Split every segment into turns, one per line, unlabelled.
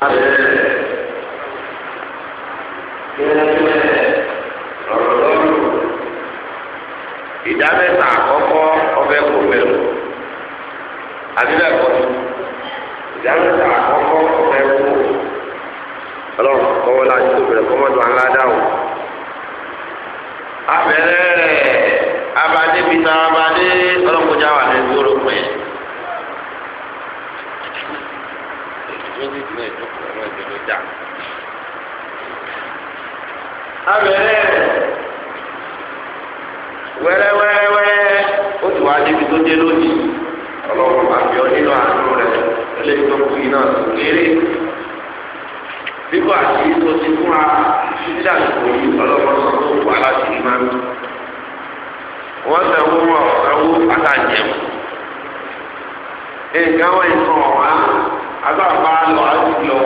ìdá àkọ́kọ́ ọbẹ̀ kò bẹ̀rù
àbíbẹ̀kọ́ ìdá àkọ́kọ́ ọbẹ̀ kò ọlọ́run kọ́wọ́ láti tó bẹ̀rẹ̀ kọ́mọ́dún aládá
abẹ́rẹ́ abadé bíi tá a bá inú ìjókòó ẹ̀rọ ìdílé jà. abẹ́rẹ́ wẹ́rẹ́wẹ́rẹ́wẹ́rẹ́ ó ti wá débi tó dé lónìí ọlọ́run bá fi ọ nínú àánú rẹ̀ lé tó kú iná kéré bíbọ̀ àti tó ti fúnra títí àsìkò yìí ọlọ́run sọ tó wà láti rí máa ń tún wọ́n sanwó wọn sanwó nǹkan wọn ìfọ̀n wá agbára pa lọ àti lọ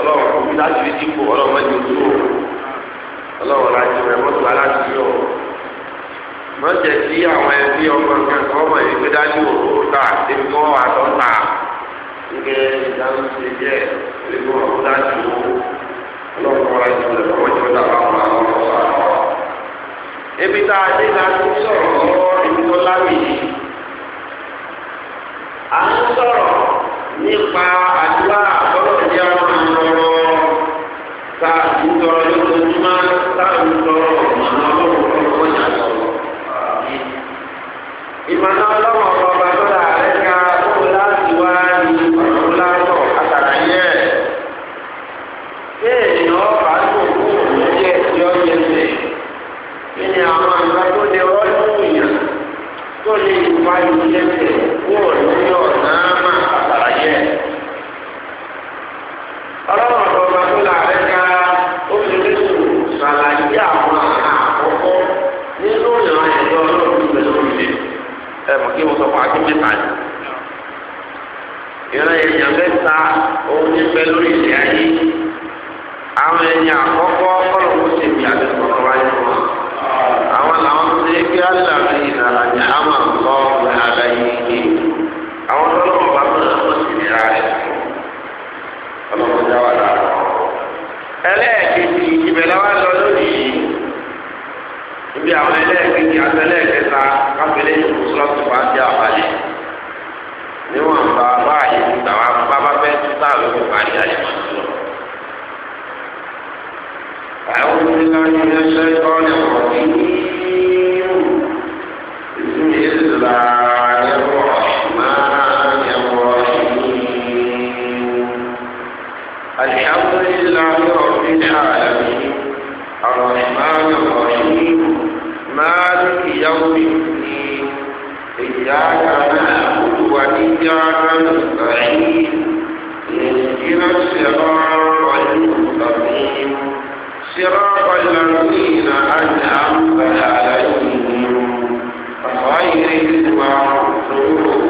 ọlọ́wọ́ kò fi láti fi dìbò ọlọ́wọ́ mẹ́jọ tó ọlọ́wọ́ láti rẹ̀ mọ́tò aláti yọ mọ́tẹ̀ sí àwọn ẹbí ọmọ kankan ọmọ yìí gbé dájú òru ta débi kọ́ àtọ́ ta nígbẹ́ ìdáhùn ṣe jẹ́ ẹ̀rọ ọ̀hún dájú ọlọ́wọ́ kọ́ láti rẹ̀ mọ́tò dábàá wọn àwọn ọmọ wa. ebi tá a dé la ti sọ̀rọ̀ lọ́wọ́ ìdúró lámì yìí
à ń sọ̀rọ̀ nípa àdúrà ọlọ́ọ̀dẹ́ àwọn ọmọ ta ìtọ̀rọ̀ lójoojúmọ́ ta ìtọ̀rọ̀
ọ̀nà ọlọ́run ọlọ́run ọ̀nà ọlọ́run. ìmọ̀nà ọlọ́run ọba lọ́la Gracias. يوم الدين إياك نعبد وإياك نستعين اهدنا الصراط المستقيم
صراط الذين أنعمت عليهم غير المغضوب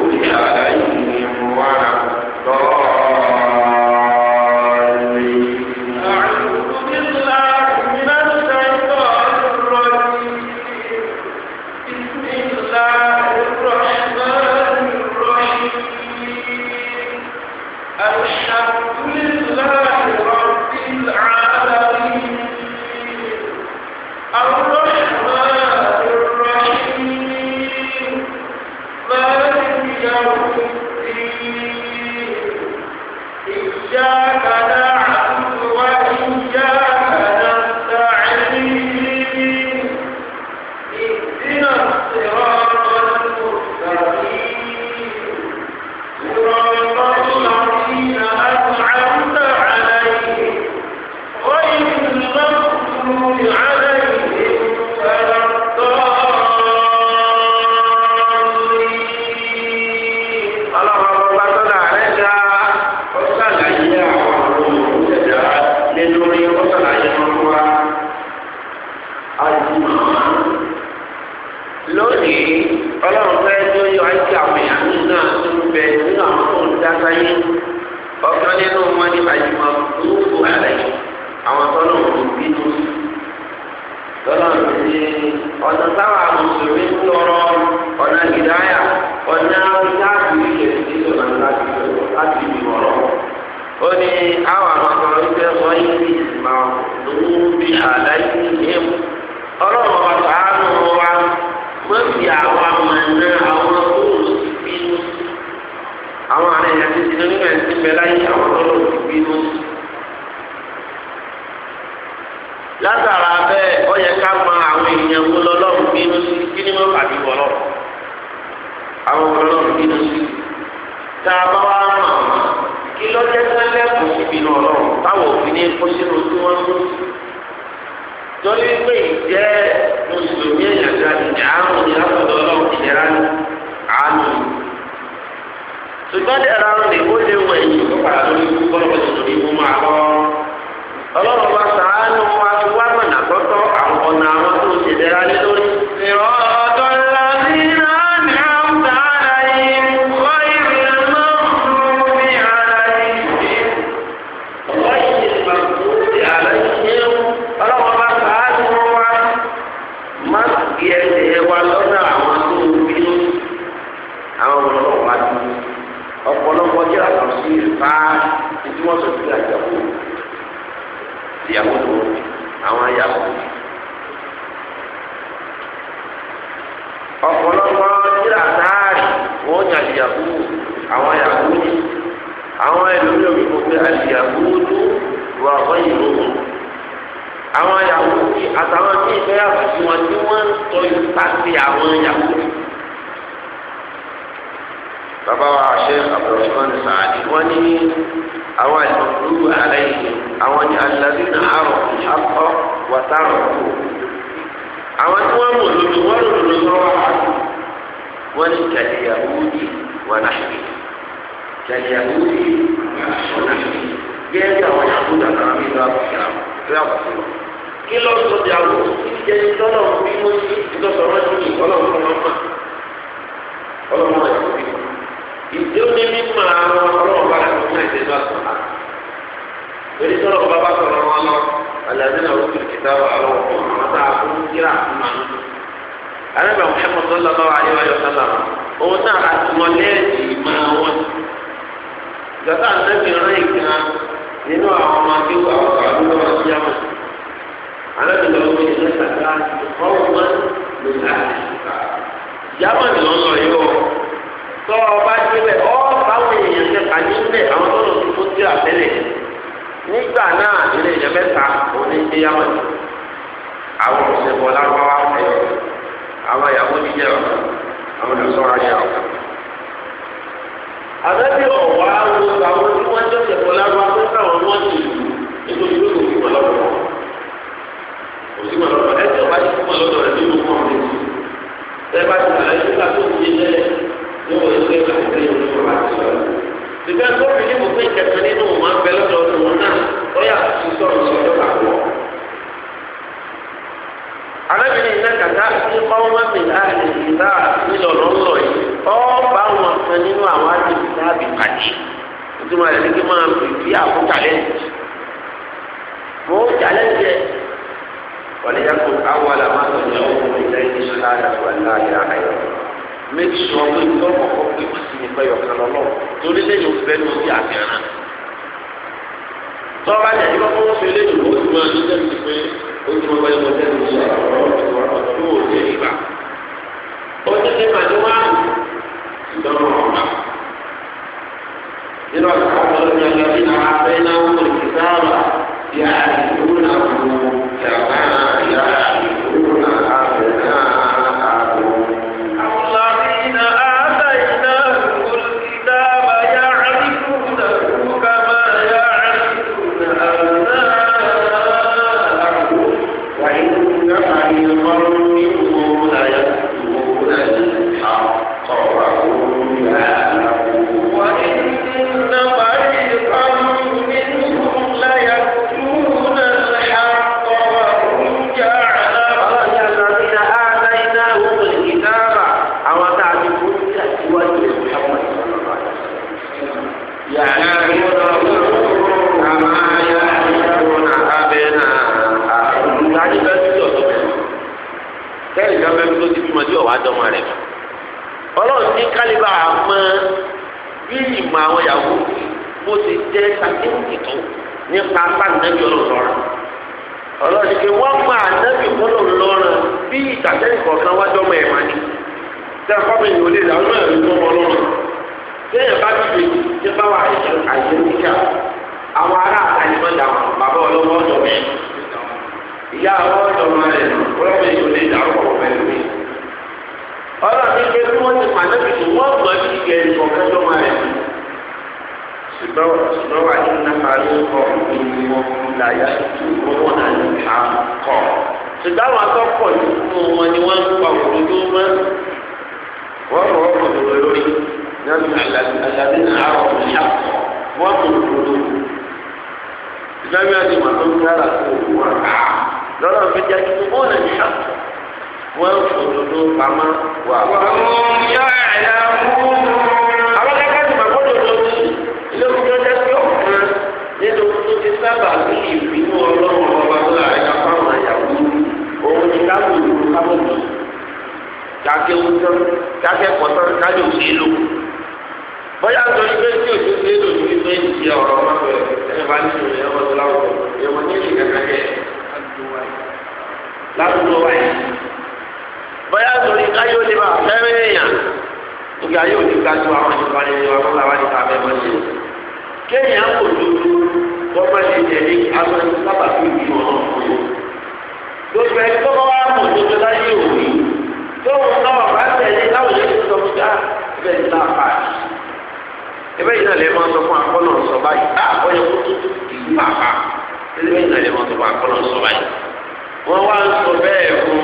sáyé ọ̀kan nínú wọn ni àyùmọ̀ lóòótọ́ àlẹ́ àwọn tọ́lọ̀ ń bínú tọ́lọ̀ ń ṣe ọ̀nà táwọn àmùsùlùmí ń tọrọ ọ̀nà ọ̀nà ọ̀nà láti ọ̀rọ̀ ó ní àwọn wọ́n ní ọlọ́run wa àwọn. nínú ẹ̀sìn bẹ́ẹ̀ láyé àwọn ọlọ́run bínú. látara bẹ́ẹ̀ yẹ ká mọ àwọn èèyàn wo lọ́lọ́run bínú sí kí ni wọ́n pàdé àwọn bínú sí. tá a bá wá mọ̀ kí lọ́jọ́ tí wọ́n lẹ́kùn síbi náà lọ́rùn ní kó sínú tí wọ́n mú. torí pé ìjẹ́ mùsùlùmí àrùn ìyàtọ̀ ìjẹ́ra àánú ṣùgbọ́n dẹ̀ra dị lè ó lè wẹ̀ yìí ó padà lórí bọ́lọ̀bọ̀ tó lórí mú máa lọ. ọlọ́run bá sàánú wa fi wá mọ̀nà tọ́tọ́ àwọn ọ̀nà àwọn tó ń ṣèdẹ́ra lé lórí. sí ìfá ìdí wọn sọ sí àjàkú ìyàwó tó àwọn ayàwó. ọ̀pọ̀lọpọ̀ tíra sáárì wọ́n yàn àyàkú àwọn ayàwó ni àwọn ẹlòmíràn mi kò fẹ́ àyàkú tó wà wọ́n yìí lóhùn àwọn ayàwó ni àtàwọn míì fẹ́ àfihàn tí wọ́n ń tọ́ ìta sí àwọn ayàwó ni bàbá wa ṣe Abdulrahman Sa'adi wọ́n ní àwọn àìsàn àlẹ́yìn àwọn ní alẹ́dínà àrò akọ wàtàrò kù àwọn tí wọ́n mọ̀ lóbi wọ́n lò lóbi lọ́wọ́ wọ́n ní kẹlẹ́ yahudi wà láṣẹ kẹlẹ́ yahudi
wà láṣẹ gẹ́gẹ́ bí àwọn yahudi àtàwọn mi lọ́wọ́ kìlá
lọ́wọ́ kìlá kí lọ́ọ́ sọ di àwọn ìjẹ́ ìtọ́nà bí mo ti ìtọ́sọ̀rọ̀ sí ìtọ́nà fún ọmọ ọlọ́mọ ẹ̀kọ́ bí mo. ìdí ó ní mímọ àwọn ọlọ́wọ́ bá lẹ́nu fún ẹ̀dẹ́ náà sọ̀rọ̀ àná. sọ̀rọ̀ bá bá sọ̀rọ̀ wọn lọ alẹ́ náà wọ́n tún kìtà wà lọ́wọ́ fún àwọn tá a fún kíra àtúmọ̀ nínú. arábìnrin Muhammad sallallahu àwọn ọmọ wọn tọ́ ọba débẹ̀ ọ́ báwọn èèyàn ṣe pàdé ńbẹ̀ àwọn tó lọ sí tó tíra tẹ́lẹ̀ nígbà náà ilé èèyàn mẹ́ta òní ń gbéyàwó ni àwọn òṣèlú ọlọ́wọ́ ẹ̀ àwọn ìyàwó jíjẹ ọ̀kan àwọn ìlọsọ́ra yẹ ọ̀kan. àbẹ́bí ọ̀wá wo àwọn tí wọ́n jọ ṣẹ̀kọ́ lárúbá tó sáwọn wọ́n ti lù nítorí pé kò sí mọ̀lọ́pọ̀ kò sí mọ̀lọ́pọ̀ ẹ̀jẹ̀ ọba ti fún mọ̀lọ́pọ̀ rẹ̀ nínú kọ́ọ̀mù ló wọ ìwé àti ìwé ìwé àti ìwé. Bíbẹ́ tó fi ní gbogbo ìkẹ̀kẹ́ nínú wọn bẹ lọ́dọ̀ ọdún náà ó yà sí sọ̀rọ̀ sọ̀rọ̀ àpọ̀. Arábìnrin iná kàtá ní kọ́mọ́mì láàrin ìlà nílọ̀rọ̀ ńlọ̀ yìí. Ó bá wọn kan nínú àwọn àdìsí láàbì pàdé. Ìtumọ̀ rẹ̀ ní kí máa fi bí Mo méjì sọ pé ìtọ́kọ̀ kọ́ pé kò sí nípa ìyọ̀kan lọ́lọ́ torí lẹ́yìn òfin bẹ́ẹ̀ ni ó ti àfihàn. tọ́ba jẹ́ ìwọ́n fún wọn fi lẹ́yìn òfin tí wọ́n ti jẹ́ ti pé ojú ọba yẹn wọ́n tẹ́lẹ̀ ní ọ̀rọ̀ ọ̀rọ̀ yóò jẹ́ ìgbà. ó ti ní màdé wá ìdánwò ọ̀gá.
nínú ọ̀sán ọ̀gá ló ń yọ ẹgbẹ́ náà abẹ́ náà wọ́n ti sáà
فريقا منهم لا يكتبون الحق وهم dọ́mọ rẹ̀ ọlọ́run ní kálíbà mọ bí ìmọ̀ àwọn yàwó bó ti jẹ́ sàkéwìkì tó nípa sáǹdẹ́bí ọlọ́run ọlọ́run ní kí wọ́n mọ àdẹ́bí ọlọ́run bí ìtàkẹ́yìn kọ̀ọ̀kan wá dọ́mọ ẹ̀ máa ní tẹ́ fọ́mì ní olè làwọn náà ló mọ ọlọ́run tẹ́yìn bá ti bèèrè tí bá wà àìsàn níkà àwọn ará àtàlẹ́mọ́ dàwọn bàbá ọ̀dọ́ mi ìyá àwọn ọ̀dọ́ mi rẹ̀ ọlọ́run ní olè ọlọ́run ní pé bí wọ́n ti pàdé bìtì wọ́n mọ̀ ní ìgbẹ́ ìkọ̀kẹ́ tó máa rẹ̀. ṣùgbọ́n ṣùgbọ́n wà ní nàfà ní ọkọ̀ ìlú wọn láyà tó wọ́n náà ní ká kọ̀. ṣùgbọ́n àwọn akọ́kọ̀ nínú wọn ni wọ́n ń pa òdodo mọ́. wọ́n mọ̀ wọ́n mọ̀ lọ́wọ́ lórí náà àlàdé náà àwọn ọ̀nà wọ́n mọ̀ òdodo. ìgbà mi àti màtó ń kára kó òkú wọn lọ́rọ̀ fi jẹ́ kí wọ́n náà ní ká wọ́n ń fòdodo pamọ́ wà. àwọn yọ ẹ̀yà mú. àwọn kẹ́kẹ́ ti máa gbọ́dọ̀ lọ sí ilé
ìjọ jẹ́ pé ọ̀kan nínú
tó ti sábà ní ìbínú ọlọ́run ọba tó láàrin ká fáwọn àyàwó òun ni káwọn ìlú káwọn ìlú kákéwú tán kákẹ́kọ̀ọ́ tán kájọ òsè lò. bóyá ń sọ ibi tí òsè ṣe lò ní ibi tí ìdí ọ̀rọ̀ máa bẹ̀rẹ̀ ẹni bá ní ìròyìn ọmọ láwùjọ ìwọ̀n ní ìrìn kàkàkẹ́
láwùjọ wáyé bóyá torí káyọ̀ lè bá fẹ́rẹ̀ èèyàn nígbà yóò ní
kájú àwọn ìpàdé àwọn làwọn ìta bẹ́ẹ̀ mọ́ ṣe.
kéèyàn kò dúdú
wọ́n má ṣe tẹ̀lé àwọn sábà tó ìlú ọ̀hún fún un. gbogbo ẹni tó bá wà mọ̀ tó tó láyé òní tó ń náà bá tẹ̀lé láwùjọ tó sọ fún ká bẹ́ẹ̀ ní náà bá yìí. ebe yìí náà lè máa sọ fún akọ́nà sọ báyìí bá ah, àkọ́yẹ kó tó tó ìlú bàbá ebe yìí náà lè máa sọ fún akọ́nà sọ báyìí. wọ́n wá ń sọ bẹ́ẹ̀ fún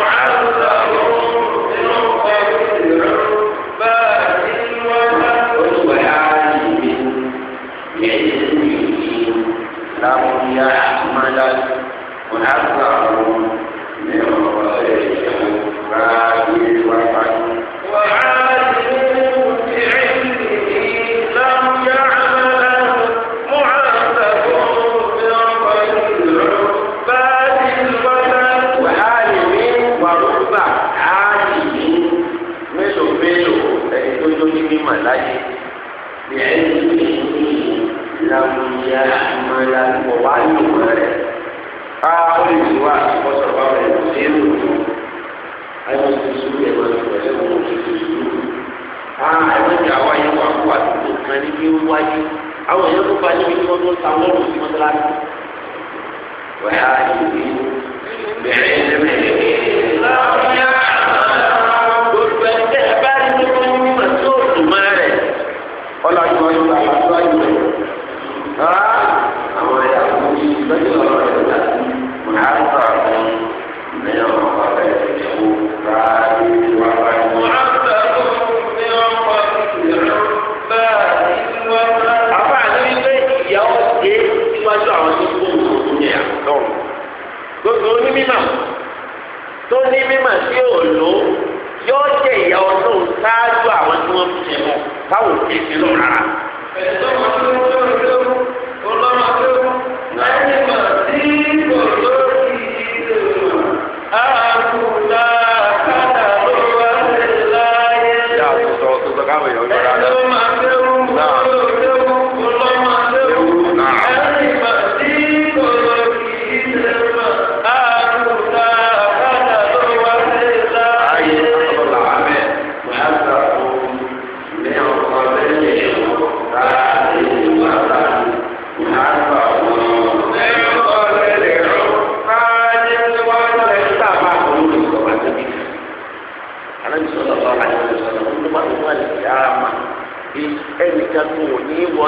Quran. haram.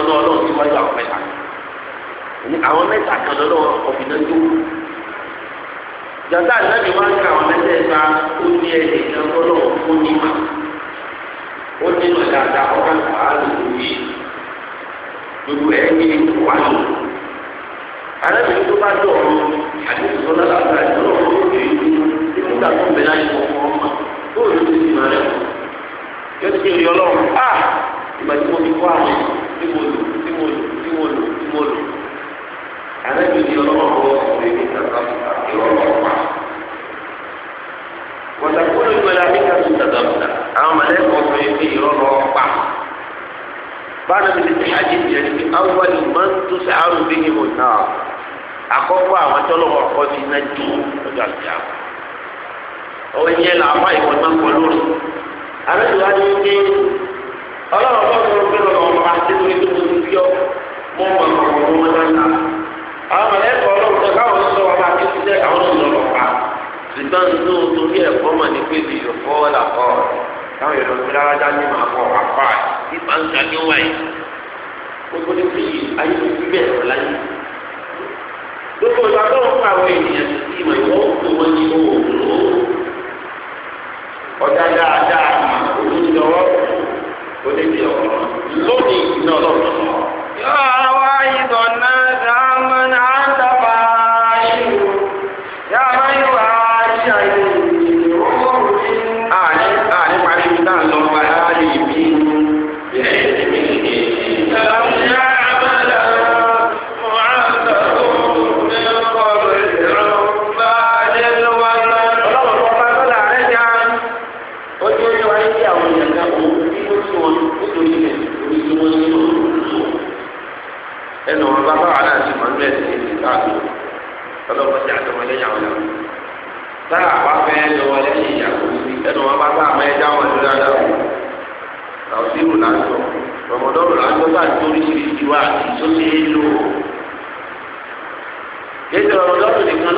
yọnú ọlọ́run tí wọ́n yọ àwọn mẹ́ta ní àwọn mẹ́ta kan lọ́dọ̀ ọ̀fìn náà tó jàdá àdáni wá ń ka àwọn mẹ́tẹ̀ẹ̀ta ó ní ẹ̀jẹ̀ kan lọ́dọ̀ ó ní mà ó ní mà dáadáa ọ̀gá àlù òbí gbogbo ẹ̀ ní wà lò àdáni tó bá dọ̀ ọ́ àdéhùn sọ́dọ̀ àgbà ìtọ́lọ́ ọ̀rọ̀ òbí nígbà tó bẹ̀ láyé ọ̀pọ̀ ọ̀ma tó ló ti ti máa rẹ̀ kí ó ti rí ọlọ́run á ah! ìgbà tí mo ti kọ́ àwọn kẹtọ̀tà àwọn mọ̀lẹ́kọ̀ sọ fi irọ́ lọ pa. báwo ni ti hajj ti yẹn ti awọ́ ni máa ń tó sàárù bí ni mo nà àkọ́kọ́ àwọn tọ́lọ́wọ́ ọkọ ti ná ju ọjọ́ àti òun yẹn là wá náà lórí. wa ni ọlọ́run ọmọ àti tó fi ọmọ ọmọ náà. àwọn ọlọ́run ṣùgbọ́n tó torí ẹ̀kọ́ mọ̀ ní pé bí yòókọ́ làkọ́ táwọn èèyàn fi rárá ní màá kọ́ apá ìgbà ń gbàgbé wáyé gbogbo ní fi ayé tó fi bẹ́ẹ̀ rọ láyé. gbogbo ìgbà tó ń pa àwọn ènìyàn ti sí ìmọ̀ ìwọ́n tó wọ́n ní owó òwúrọ̀ ọjà dáadáa olùdíjọwọ́ onídìọ̀wọ́ lónìí iná ọlọ́run. yóò wá ìdọ̀nà dáhùn náà. wà tó oríṣiríṣi wà tó ṣe é lò. Ètò ọ̀rọ̀ lọ́dún nìkan.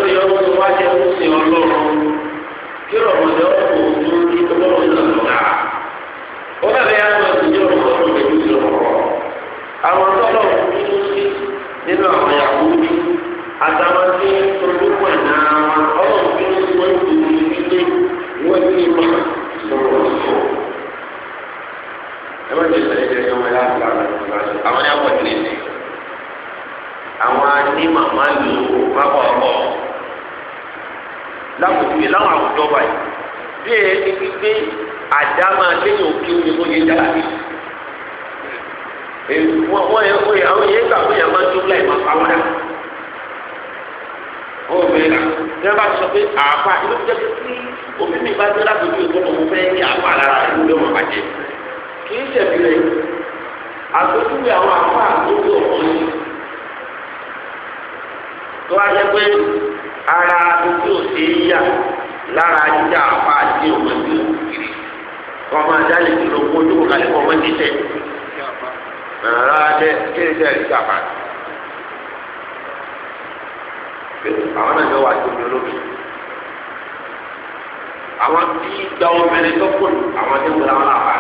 obìnrin tó kù àwọn tí ń gbọ́dọ̀ wọn làbà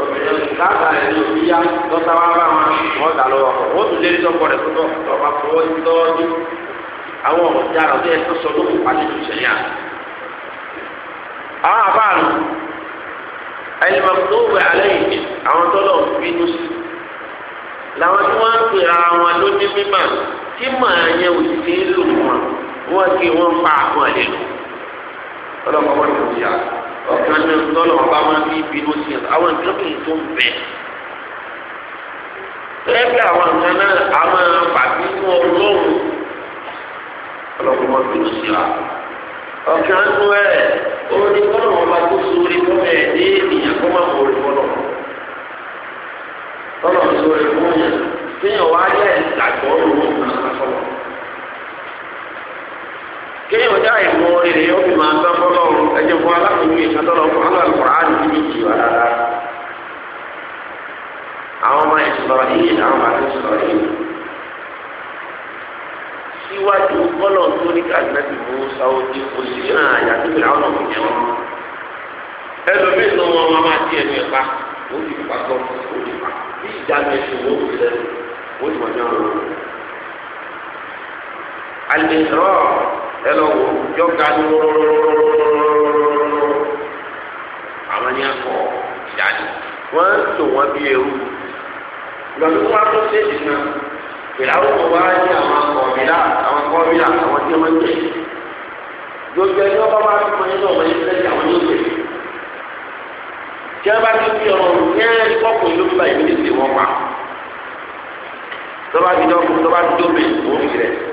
obìnrin káàkà rẹ̀ ní òbí yá lọ́sà wá bá wọn wọ́n dà lọ́wọ́ kọ̀ wọ́n tún lé ní tọ́kọ rẹ̀ tó tọ́ba fọwọ́ tọ́jú àwọn ọmọ ìyá rẹ̀ ọdún ẹ̀sán sọ lókun pàṣẹ tó ṣẹlẹ̀ à. àwọn àbáàlù ẹni máa tó wẹ alẹ́ yìí àwọn tó lọ́ọ̀ bínú sí làwọn tí wọ́n ń pè ara wọn lóní mímọ́ tí màá yẹ òṣìṣẹ́ lò wọn wọ́n kí wọ́n pa àwọn àlejò ọlọ́mọ wọn ọ̀kan náà tọ́lọ̀ ọba máa fi bínú sí ẹ̀ àwọn nǹkan kì í tó ń bẹ̀. lẹ́gbẹ̀ẹ́ àwọn nǹkan náà a máa fàbí fún ọlọ́run ọlọ́run máa bínú sí wa. ọ̀kan nú ẹ̀ ó ní tọ́lọ̀ ọba tó sórí fún ẹ̀ ní ènìyàn kó má mọ̀ orí fọlọ́. tọ́lọ̀ sórí fún yẹn fíyàn wá yẹ ìgbàgbọ́ òun náà sọ́lọ́ kéèyàn ọjà ìmọ̀ ilé yóò fi máa gbọ́ fọlọ́ ẹ̀jẹ̀ fún alákòwé ìsọtọ́lọ́ fún alákòwé àdìsí mi jì wà rárá. àwọn ọmọ ìsọ̀rọ̀ yìí làwọn máa ti yìí. síwájú kọ́lọ̀ tó ní kàdínàbì mú sáwọ́ di òsì náà yàtọ̀ ìlà ọ̀nà òkùnjẹ́ wọn. ẹlòmíì náà wọn máa máa tiẹ̀ ní ipa wọ́n ti pa tọ́ wọ́n ti pa bí ìjà mi ṣe wọ́n ti lẹ́nu ti mọ̀ ẹ lọ wò yọ ga ní àwọn ní akọ ìdáni wọn ń tò wọn bí ewu lọ́dún tó wá tó séèjì náà ìlàwọ́ kò wá ní àwọn kọ̀ọ̀mìlà àwọn kọ̀ọ̀mìlà àwọn tí wọ́n ń tẹ̀ gbogbo ẹni ọba wa fi wọn nínú ọmọ yẹn lẹ́yìn àwọn yóò tẹ̀ tí wọ́n bá ti fi ọ̀rọ̀ yẹn kọ́kùn ló fi bá ìmílẹ̀ sí wọn pa tọ́ba ti dọ́kùn tọ́ba ti dọ́bẹ̀ òun fi rẹ̀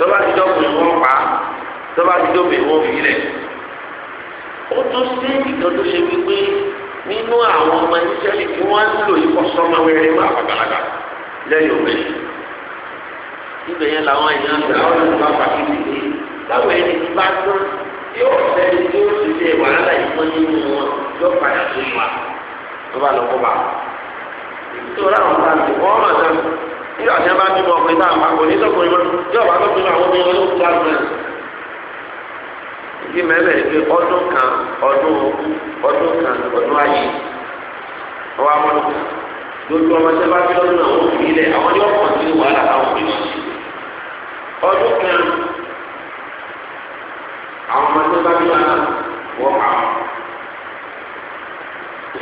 tọ́ba ti dọ́kun ìwọ́n pa tọ́ba ti dọ́kun ìwọ́n fi lẹ̀. ó tún sí ìtàn tó ṣe wípé nínú àwọn ọmọ ìṣẹ́lì tí wọ́n ń lò yìí kọ́ sọ́mọ wẹ́rẹ́ wà pàgàlàgà lẹ́yìn òbẹ̀. ibẹ̀ yẹn làwọn èèyàn ń gbà ọ́n lọ́wọ́ pàkíyèsí pé báwo ẹni tí bá tán yóò fẹ́ni tí ó ti ṣe wàhálà yìí wọ́n nínú wọn yóò padà sí wa tó bá lọ kó bá.
ìtura àwọn ọ̀tá ti wọ́n mọ̀ sọ́nù bí àti ẹbá bímọ ọkùnrin tá a máa kò ní sọkùnrin mọ yóò bá tó bímọ àwọn obìnrin olóòtú láti rẹ.
ìdí mẹ́lẹ̀ ni pé ọdún kan ọdún ọdún kan ọdún ayé ọwọ́ amọ́nù lójú ọmọ tẹ bá bí lọ́dún àwọn òbí lẹ̀ àwọn yóò pọ̀ sí wàhálà àwọn òbí ọdún kan àwọn ọmọ tẹ bá bí lọ́dún wọ́n pa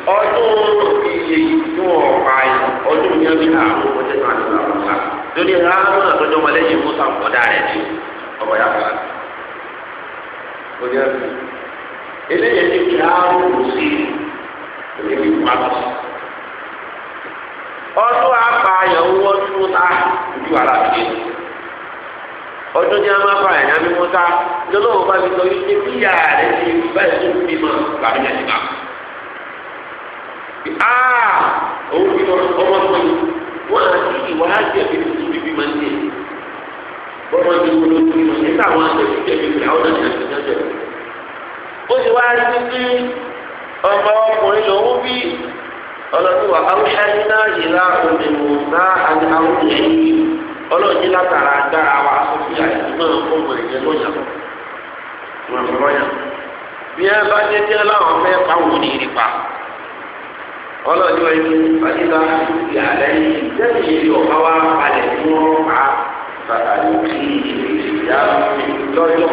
ọdún iye ìdún ọ̀pá ọdún yẹn bí àwọn ọmọdé náà ti làwọn sá lórí hàmú àtọjọ wọn lẹ́yìn musa nkọdá rẹ ni ọmọ yà fà ọdún yẹn eléyìí ti fi ọdún ojú ara fi ọdún mi sọ yìí ṣe bí yàrá tó yẹn ti bá. aa ah, òun bí ọmọ tó yìí wọn àti ìwádìí ẹbí tó tóbi bí máa ń tẹ ọmọ mi kò ló tóbi lọ nígbà wọn àti ẹbí tẹbi ìgbà wọn àti ẹbí tẹbi ìgbà ó sì wá rí títí ọmọ ọkùnrin lòún bí ọlọ́dún wa awúṣẹ́ iná yìí lá omi mò ń bá àti awúṣẹ́ yìí ọlọ́ọ̀jì látara agbára wa sọ́fí àìsímọ̀ ọmọ ẹ̀jẹ̀ lọ́yà wọn fọlọ́yà bí ẹ bá dé dé láwọn fẹ́ pàwọn ò ní rí ọlọ́jọ́ ẹni fàyíká ti àlẹ́ yìí jẹ́bi ìlú ọ̀ká wá palẹ̀ tí wọ́n pa pàtàkì kí ìyá lọ́jọ́ máa yẹn tó lò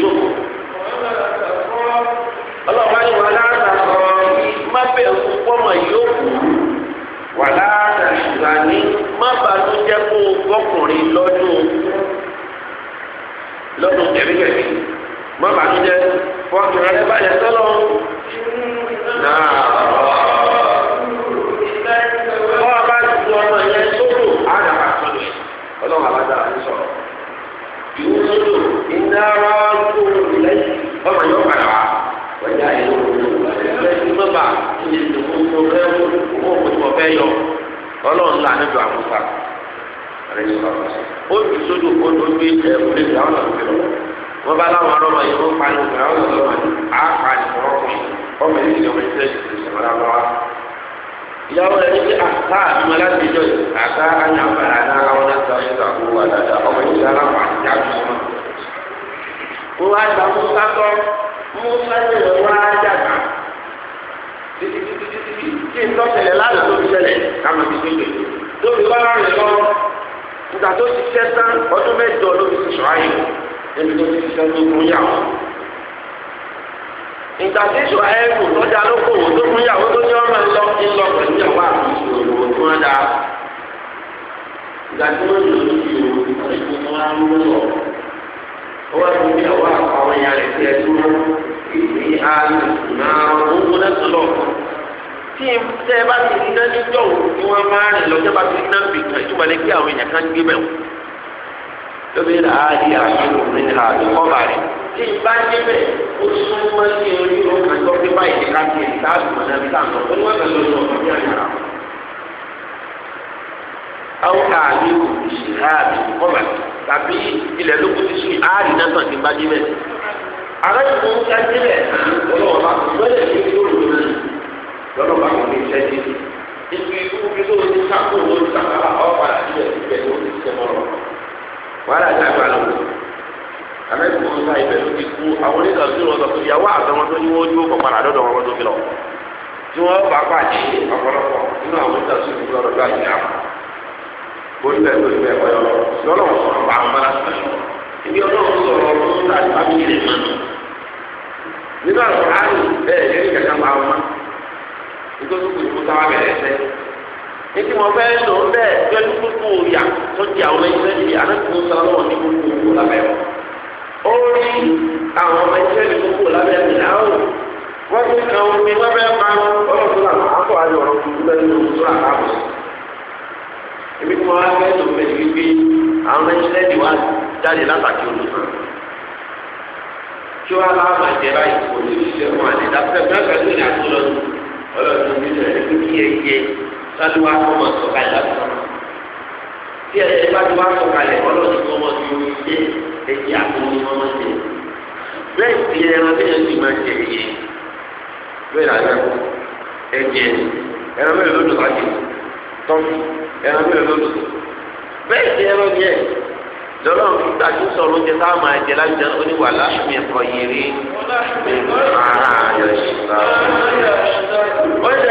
sóko.
ọlọ́pàá ni wàhálà àtàkọ́ má bẹ̀
fún pọ́mọ yóò
kú wàhálà àtàkùnà ní má bàánú jẹ́ kó gbọ́kùnrin lọ́dún lọ́dún kẹ̀míkẹ̀mí
má bàánú jẹ́ fọ́ọ̀kì rẹ̀ bàjẹ́ sọ́lọ́
náà.
lójú iná ara
tó ilẹ̀ ọmọ yóò padà wá wọ́n yá ìlú ìlú mẹ́fà ilé
ìdókòwò fẹ́ wọ́n owó òkòtò fẹ́ yọ ọlọ́run là níbi àmúta ó ti sójú kótó gbé jẹ́ òde ìdáhùn náà fi lọ wọ́n bá láwọn ọlọ́mọ yìí wọ́n pariwo pé àwọn ọlọ́mọ yìí á pa ìfọwọ́ ìyàwó rẹ̀ ní àtà àtúmọ̀ láti ìjọ àtà àyànfà àdáhà wá gba musa tọ́ musa yóò wá dàgbà títí títí n tọ́sẹ̀lẹ̀ lánàá tó fi ṣẹlẹ̀ kàmá fi gbégbé tó fi wá rìn lọ nígbà tó ti ṣẹ́ tán ọdún mẹ́jọ ló fi ti sọ ayé ẹni tó ti ṣiṣẹ́ tó kún yàwó nígbà tí sọ ẹrù lọ́jà ló kò wò tó kún yàwó tó ní ọmọ ńlọ ńlọ pẹ̀lú yàwó àti ìṣòro tó ń da ìgbà tí wọ́n lò ó ti yòó ìgbà tí wọ́n á wọ́n ti ní ọwọ́ àwọn èèyàn rẹ̀ tiẹ̀ dúró
ìdí àlùmọ́ owó
lẹ́sọ̀lọ́ tí tẹ́ ẹ bá ti ní náà níjọ́ òun ni wọ́n máa rìn lọ tẹ́ bá ti ní náà fi kàn ìtumọ̀ kí àwọn èèyàn kan gbé bẹ̀rù lóbi rà á di àṣírò ní àdúgbọ́bà rẹ̀ tí n bá dé bẹ̀ ó sún mọ́ sí orí òun àjọ pé báyìí ká tiẹ̀ sáà tùmọ̀ náà bí sáà tọ̀ awo ka mi kò ha mi kọ́mà tàbí ilẹ̀ lóko ti ṣe áàrì náà tàn ní gbajúmẹ̀. ara ìfún ṣájúlẹ̀ ọlọ́wọ́ bá kò lọ́lẹ̀ ní olóòlù náà lọ́nà kò ní ṣẹ́jú.
ètò ìlú bí ló ti sàkó ló ti
sàkàlà ọ̀pára sílẹ̀ ibẹ̀ ló ti ṣe mọ́rọ̀. wàhálà ti àgbà lọ. ara ìfún ṣá ibẹ̀ ló ti kú àwọn oníkà tí wọ́n sọ pé ìyàwó àtọwọn tó ní wọ́n yóò kọ̀ padà lọ́dọ̀ wọn bóyá bẹ́ẹ̀ tó bẹ́ẹ̀ wọ́n yọ lọ́wọ́ sọ̀rọ̀ bá wọn bára sọ̀rọ̀ ibi ọlọ́run sọ̀rọ̀ ọdún àti fámìlì mọ́ nínú àlọ́ àyè bẹ́ẹ̀ lẹ́yìn kẹta bá wọn
nítorí kò ní kó sáwá bẹ̀rẹ̀ ẹsẹ̀ ètí wọn fẹ́ lò ó bẹ́ẹ̀ pẹ̀lú gbogbo òyà tó di àwọn ẹgbẹ́ yìí anákùnrin sọ̀rọ̀ wọn ní gbogbo òwò lábẹ́ wọn. ó rí
àwọn ọmọ ẹgbẹ́ ní gbogbo lábẹ́ mi láwò wọ́n ti kan omi wọ́n fẹ́ máa ń ọlọ́run tó làwọn àkọ́ àyọ̀ ọ̀rọ̀ tuntun lẹ́nu tó làwọn àbọ̀ ibi tí wọn wá fẹ́ tó fẹ́ yìí pé àwọn ẹ̀ṣẹ̀ ti wá jáde látàkì olùkọ́ tí wọn bá máa jẹ báyìí kò ní ṣe wọn àti dáfẹ́ bí wọn kà lóyún àti ọlọ́dún ọlọ́dún bí wọn ẹni kí ẹyẹ sálú wa kọ́ máa sọ̀ka ìlà tó tí ẹyẹ bá ti wá sọ̀ka lẹ̀ ọlọ́dún kọ́ máa fi omi jẹ ẹyẹ àti omi wọn máa jẹ bẹ́ẹ̀ ti ẹran bí ẹni máa jẹ ẹyẹ bẹ́ẹ̀ làwọn ẹjẹ ẹran bẹ́ẹ̀ lọ́dún wájú tọ́jú ẹran mélòó ló lò bẹ́ẹ̀ sí ẹran yẹn lọ́lọ́ fi gbàdú sọ̀rọ̀ oúnjẹ tá a máa jẹ lájọ oníwà láṣùmí ẹ̀kọ́ yìí rí oúnjẹ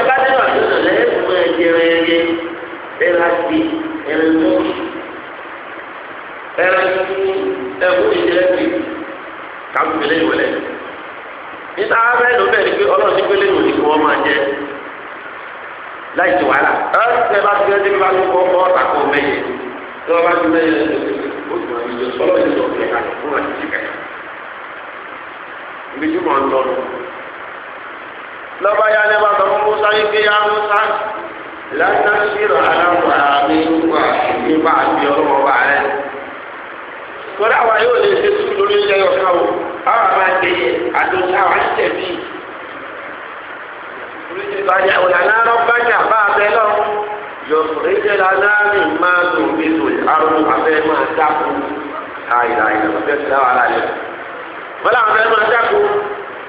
bá dé wàá lọ́sọ̀ lẹ́yìn fún ẹ̀jẹ̀ rẹ̀ yẹ ẹran ti ẹran mú ẹran tí ẹ̀kú ìjẹ́ ti kàmú ìpínlẹ̀ ìwọlẹ̀ níta bẹ́ẹ̀ ló bẹ́ẹ̀ ni pé ọlọ́run ní pélé ìwòlì kí wọ́n máa jẹ. láì tí wàhálà ẹ ṣe bá ti ẹni bá tó kọ́ ọ́ tako mẹ́yẹ tí wọ́n bá ti mẹ́yẹ ó sì máa yọ sọ́lọ́ yìí lọ sí ẹ̀ka fún ẹ̀ sí ibi tí mo ń lọ lọ́ba yá ni wọ́n sọ fún Musa yìí pé yá Musa lásán ṣírò aláwọ̀ àmì wà ní bá a fi ọlọ́wọ́ bá rẹ̀ wa yóò lè ṣe sùn lórí káwọ́ máa ìbàjẹ́ òlànà bá a bẹ lọ. yọ̀sùn ìdè lànà mi máa tó ètò àrùn abẹ́ máa dákú. àìlà ìlànà fẹ́ fi dáwà lálẹ́. bọ́lá àwọn abẹ́ máa dákú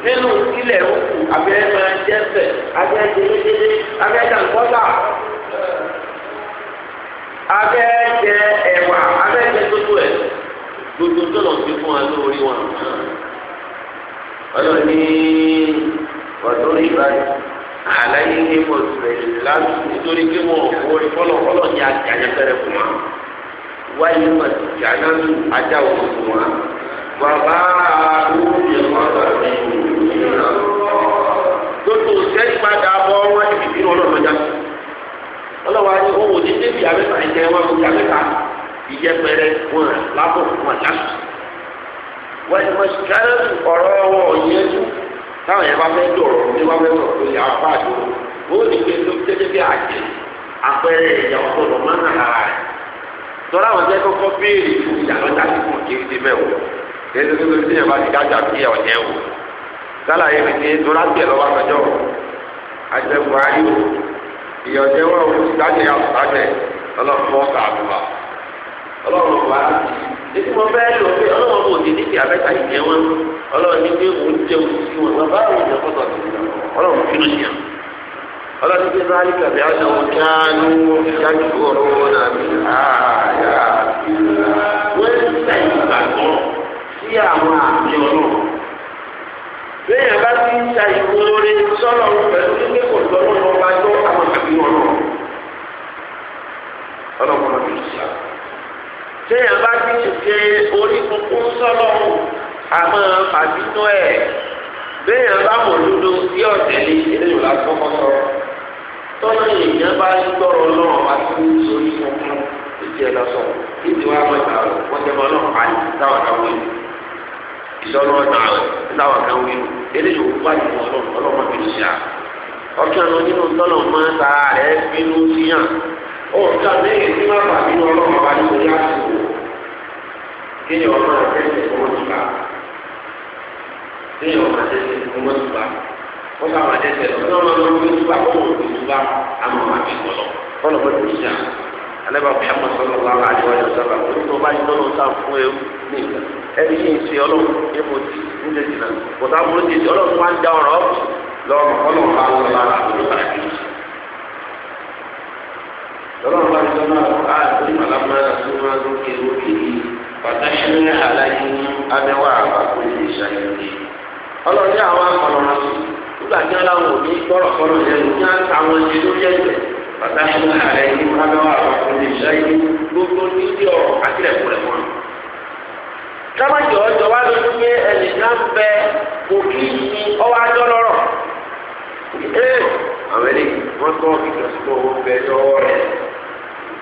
nínú ilẹ̀ òkú abẹ́ máa jẹ́fẹ̀ jẹ jẹ gbogbo àlàyé ní mọ̀tòrè lánàá nítorí pé wọn ò fọwọ́ ìfọlọ́fọlọ́ ní àjàyẹ̀fẹ́rẹ́ fún wa wáyé mọ̀tòrè ànánu ajá òkú fún wa bàbá àrùn ìwọ̀n bàbá ìwọ̀n tótó sẹ́yìn padà bọ́ wọn ti fi wọn lọ́jà ọlọ́wà ni owó ní débi àbẹ́fà ìjẹ́ wọn kò jà mẹ́ta ìjẹpẹrẹ wọn lábọ̀ wọn lásù wáyé mọ̀tòrè ọ̀rọ̀ wọn ò yẹ táwọn yẹn bá fẹ́ dọ̀rọ̀ ní wá fẹ́ sọ̀rọ̀ lórí àwọn bá àdúró wọ́n ní pé ló jẹ́jẹ́ bí àjẹ́ àpẹẹrẹ ìyá ọ̀tọ̀ọ̀tọ̀ máa ń nà lára rẹ̀ tọ́lá àwọn jẹ́ kọ́kọ́ béèrè fún ìyá lọ́jà kíkùn kiri ti bẹ̀ wò kéde tó ti yẹn bá ti dájà sí ọ̀jẹ̀ wò sálà yẹn mi ti tó láti ẹ̀ lọ́wọ́ àtọ́jọ́ àjẹ́ buhari wò ìyá ọ̀jẹ̀ wọ̀ wò dájẹ́ àtọ́jẹ́ ọlọ́run fọ́ sàbùwà ọlọ́run buhari ètò wọn bẹ́ẹ̀ lò pé ọlọ́wọ́n bò ní níbi abẹ́ta ìjẹ́ wọn ọlọ́run ní pé òun jẹ́ òun sí wọn bàbá àwọn èèyàn kọ́tọ̀ sí ọlọ́run fi lóṣìí yàn ti àwọn àyà wọ́n ti sẹ́yìn ìgbàgbọ́ sí àwọn àmì ti ń ta téèyàn bá ti ṣèṣe orí kunkun sọ́lọ́hún àmọ́ fàbínú ẹ̀ béèyàn bá mọ̀ lódò sí ọ̀tẹ̀ ní eléyìí la kọ́kọ́ sọ. tọ́lá èèyàn bá ń gbọ́rọ̀ lọ́rùn wá sí orí kunkun ìdí ẹ̀ lọ́sọ̀ ìdí wa mọ̀ ìgbà rẹ̀ wọ́n jẹ́ mọ́ ọlọ́run pa táwọn kan wí ìṣọ́nà wí eléyìí òkú bá ọ̀ọ́dà lẹ́yìn tí máa bàbí ní ọlọ́run bá ní orí àsìkò kéèyàn ọmọ àtẹ́sẹ̀ kó wọ́n ti kéèyàn ọmọ àtẹ́sẹ̀ kó wọ́n ti wọ́n bá àtẹ́sẹ̀ lọ ní ọmọ ọmọ ọmọ ìtura kó wọ́n ti bá àmọ́ wọn àti ìgbọ̀lọ́ kọ́nà bọ́ ti jà alẹ́bàá Muhammad sallallahu alaihi wa sallam orí tó bá yín lọ́nà fún ẹ
lọ́wọ́ bá ti sọ́nà àwọn àti màlámà tó
máa ń ké lókè yìí pàtàkì ní àlàyé ní abẹ́wà àbákò lè ṣàyẹ̀wò. ọlọ́run ní àwọn sí nígbà tí ní àwọn ló yẹ pàtàkì ní ní abẹ́wà àbákò ní ọ̀rọ̀ wọn.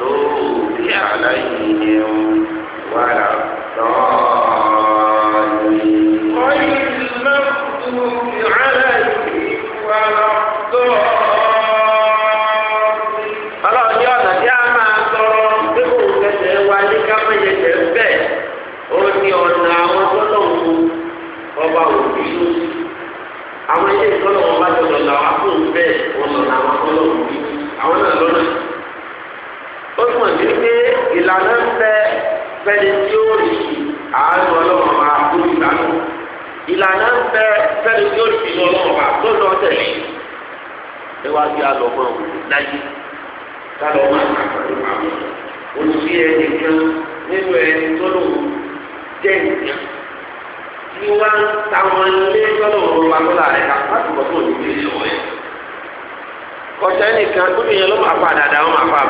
مغلوب عليهم ولا
الضالين غير
ìlànà ń bẹ fẹ́ni tí ó rí àánú ọlọ́run tó ìlànà ìlànà ń bẹ fẹ́ni tí ó rí ọlọ́run tó lọ tẹ̀lé ẹ wá bí alọ́mọ láyé olùsí ẹni kan nínú ẹni tó jẹ́ tí wọ́n ń táwọn ilé ọ̀rọ̀ wa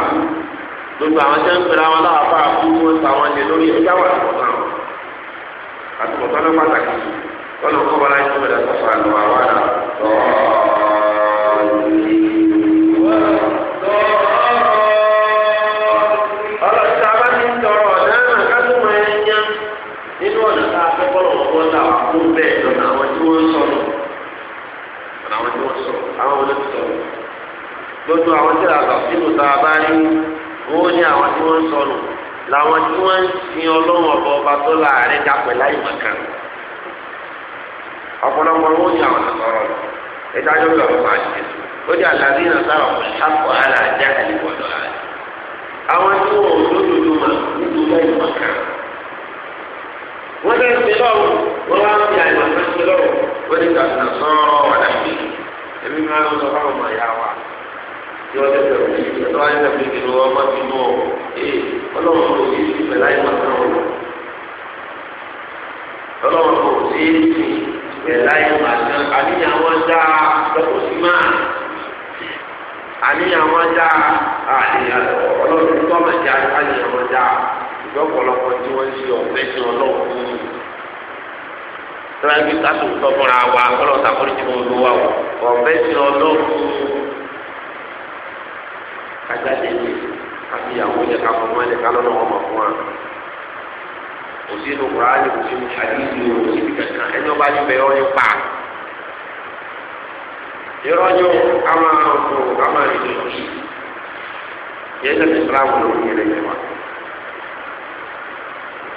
gbogbo àwọn tẹ́ ń pèrè àwọn aláàbá kú wọn ta wọn lórí ẹ̀yà wà lọ́kàn àtúbọ̀tán ló pàtàkì lọ́nà kọ́ bọ́lá yìí a fẹ́
kọ́lọ̀ wọn bọ́ ta wà fún bẹ́ẹ̀ lọ́dún
àwọn tí a lọ sínú tá a bá rí wọ́n ní àwọn tí wọ́n ń sọnù làwọn tí wọ́n ń sin ọlọ́run ọba ọba tó láàrin dàpẹ̀ láì mọ̀kan ọ̀pọ̀lọpọ̀ wọ́n ní àwọn ọrụ ìdájọ́ bí ọ̀pọ̀ àti jésù ó di àlàyé náà sábà kò sápò ara àjá àlewọ̀dọ̀ àlè àwọn tí wọn ò láì tí wọ́n tẹ̀sẹ̀ òbí ẹ̀tọ́ wáyé tẹ̀sẹ̀ òbí ni wọ́n máa fi mọ́ ọ ee ọlọ́run kò sí ìfẹ́ láì máa tán o ọlọ́run kò sí ìfẹ́ láì máa tán àníyàn wọn dá lọ́kọ̀ sí máa àníyàn wọn dá àníyàn ọlọ́run tó máa dá àníyàn wọn dá ìgbọ́pọ̀lọpọ̀ tí wọ́n ń ṣe ọ̀fẹ́ sí ọlọ́run fún mi tọ́lá gbé kásù tọ́ fúnra wa ọlọ́run tàkùrẹ́ tí mo lò wá ọ̀fẹ́ sí ọlọ́run kájáde ní káfí ìyàwó yẹ ká fọmọ ẹlẹ ká lọ́nà ọmọ fún wa kò sí inú kùránì kò sí inú àdìsí o kò sí ibi kankan ẹni ọba yìí bẹ̀rẹ̀ ọyún pa ìrọ́jú àwọn ọ̀tún àwọn ìdòtí ìsìlámù ló ń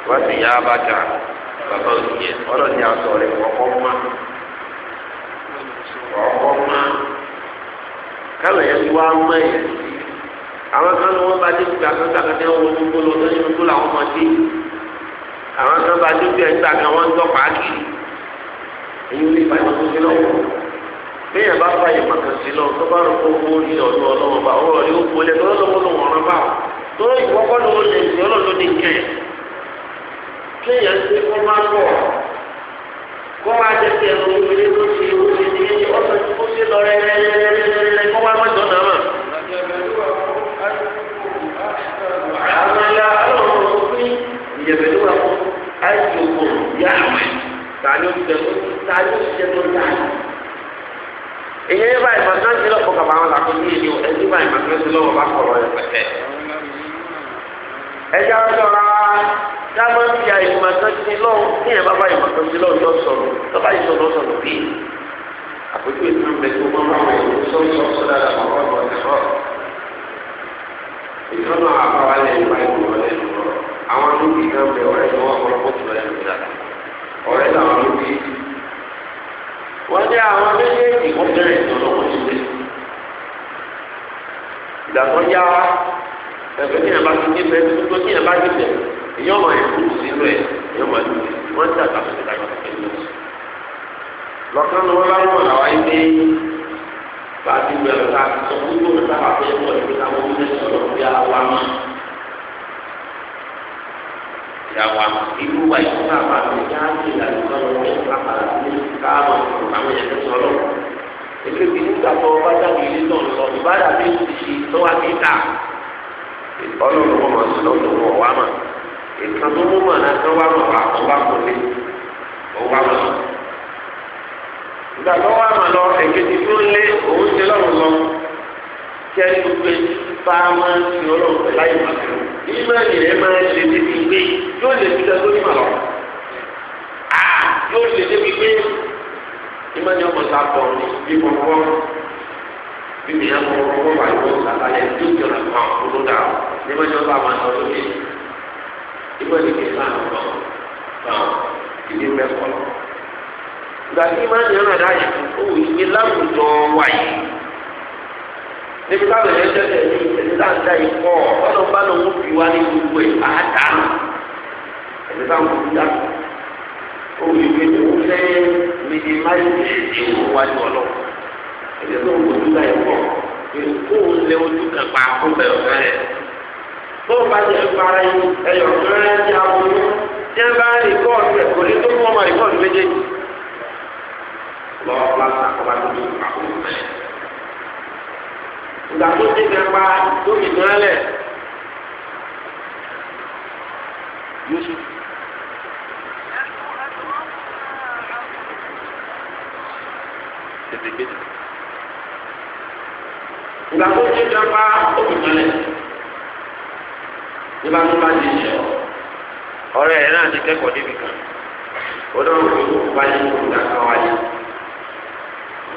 wa yá bàbá yẹn ti wá sí i. àwọn kan ní wọn bá débi gbà kan gbà kan ní wọn wọnú gbólọ tó nínú gbólọ àwọn ọmọ dé àwọn kan bá débi ẹgbà kan wọn ń tọ pàákì èyí ò lè fa ìmọ̀ tó sí lọ́wọ́ bẹ́ẹ̀ bá fa ìmọ̀ kan sí lọ́wọ́ tó bá rọ kó owó ní ọ̀dọ̀ ọlọ́wọ́ bá ọ̀rọ̀ yóò kólẹ̀ tó lọ́wọ́ lọ́wọ́ ọ̀rọ̀ bá tó ìwọ́kọ́ ló lè ṣe ọlọ́dún ní kẹ́ kéèyàn ṣe kó má bọ̀ kó wá jẹ́ kí ẹnu ìwé tó ṣe ó ṣe ní ọ̀sán tó ṣe lọ rẹ́rẹ́rẹ́rẹ́rẹ́rẹ́ kó wá má dọ̀nà mà.
عمل أمركم ليبلوكم
أيكم يعمل تعلم تقول تعلم تقول تعلم ìyẹn báyìí màkàn sí lọ́pọ̀ kàbà àwọn àkókò yìí ni ẹni báyìí màkàn sí lọ́wọ́ bá kọ̀rọ̀ ẹ̀ pẹ̀tẹ́. ẹja sọ̀rọ̀ dábọ̀ bí i màkàn sí lọ́wọ́ ní ẹ̀ bá báyìí màkàn sí lọ́wọ́ yọ sọ̀rọ̀ lọ́ba yìí sọ̀rọ̀ sọ̀rọ̀ bí i. àpótí ìtumọ̀ bẹ̀ tó mọ́ máa wọ̀ ọ́ sọ́ọ́ sọ́ọ́ sọ́ọ́ dáadáa mọ̀ ọ́ ìtọ́nà àbáwá lẹ́yìn wáyé wọ̀ lẹ́nu àwọn lóbi náà bẹ̀ ọ̀rẹ́ ni wọ́n kọ́ lọ́kọ́ tó lẹ́nu ìjà ọ̀rẹ́ làwọn lóbi. wọ́n ní àwọn méjèèjì kọ́ bẹ̀rẹ̀ ìtọ́nà wọn sílẹ̀. ìdàtọ́ yá wa ẹ̀fẹ́ ní ẹ̀bá ti ní bẹ́ẹ̀ tó ní ẹ̀bá ti bẹ̀ èyí ọmọ ẹ̀ kú sínú ẹ̀ èyí ọmọ ẹ̀ wọ́n ń dàgbà fún ìdájọ́ lọ́kàn ni wọ́n bá ń wọ̀ fàájú bẹ̀rẹ̀ ká sọ fún yóò rẹ̀ sábà fẹ́ pọ̀ ní àwọn ọmọdé sọ̀rọ̀ bí àwa mọ̀. Ìyàwó ìlú wa ìlú sábà ní káàdì ìlànà sọ̀rọ̀ ní àpàlà ní káàmọ̀ àwọn ẹ̀yẹ sọ̀rọ̀. Èké bí nígbà tó bá jáde ilé náà lọ, ìbára mi ti ṣe tó wà ní ìta. Ọlọ́run wọn mọ̀ sí lọ́dún wọn wá mọ̀.
Ìkan tó mú mọ̀ náà tó wá mọ̀ wá kó wá kó lé.
Ó wá mọ̀ gbàgbọ́ wa mà lọ èkejì tó ń lé òun ṣe lọ́rùn lọ kí ẹni gbogbo bá máa ń fi ọlọ́run pẹ̀lú àyè máa fi ìmọ̀ ìrẹ́ máa ń lè débi gbé yóò lè fi dàgbọ́ ìmọ̀ lọ. a yóò lè débi gbé ìmọ̀ ni ọmọ ta pọ̀ ní bí kọ̀ọ̀kọ́ bí mi yàn kọ̀ọ̀kọ́ kọ́ wà yóò sàlàyé tó jọra fún àwọn olódà ìmọ̀ ni ọba máa lọ lókè ìmọ̀ ni kì í sáà lọ gbàtí máa ń yàrá láàyè fún òye láwùjọ wáyé níbi táwọn èèyàn tẹ̀lé ní ìtẹ̀lé láǹdà yìí pọ̀ ọ̀dọ̀ bá lọ wọ́n fi wá ní gbogbo ẹ̀ àádá ẹ̀mí bá wọ́n fi dá òye pé òun fẹ́ mínímáìlì ìwò wájú ọlọ́ ẹ̀mí tó ń wojú láyé pọ̀ kó o lé ojú kan pa fún bẹ́ẹ̀ ọ̀gá tó o bá jẹ́ para ẹ̀yọ̀ kan ti àwọn ọmọ tí wọ́n bá rìkọ́ọ̀dù rẹ̀ lọ́wọ́ pílásà
kọ́ba tó ní ìpàkó mẹ́rin. ìgbà tó ti fẹ́ ti fẹ́ pa gómìnà nígbà tó bá
náà ti débi kan ó bá yẹ kó wáyé.